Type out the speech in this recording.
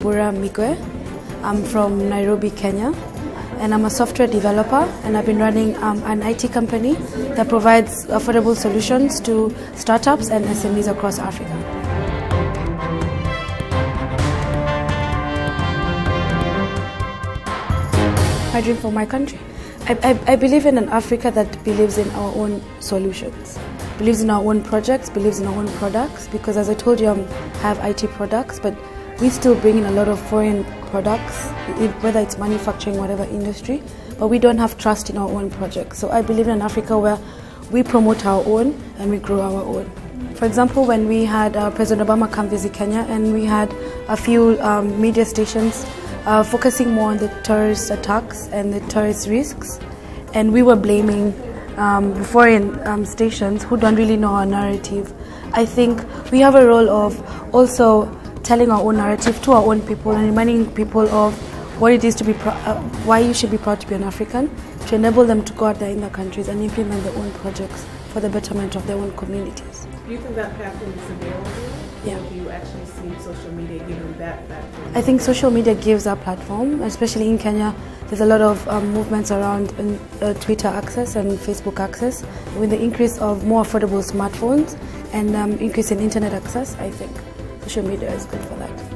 Bura Mikwe. I'm from Nairobi, Kenya, and I'm a software developer, and I've been running um, an IT company that provides affordable solutions to startups and SMEs across Africa. My dream for my country. I, I, I believe in an Africa that believes in our own solutions believes in our own projects, believes in our own products, because as I told you, I have IT products, but we still bring in a lot of foreign products, whether it's manufacturing, whatever industry, but we don't have trust in our own projects. So I believe in Africa where we promote our own and we grow our own. For example, when we had uh, President Obama come visit Kenya and we had a few um, media stations uh, focusing more on the terrorist attacks and the terrorist risks, and we were blaming um, foreign um, stations who don't really know our narrative. I think we have a role of also telling our own narrative to our own people and reminding people of what it is to be pro- uh, why you should be proud to be an African to enable them to go out there in their countries and implement their own projects for the betterment of their own communities. Do you think that platform is available? Yeah. Or do you actually see social media giving that platform? I think social media gives a platform, especially in Kenya. There's a lot of um, movements around uh, Twitter access and Facebook access. With the increase of more affordable smartphones and um, increase in internet access, I think social media is good for that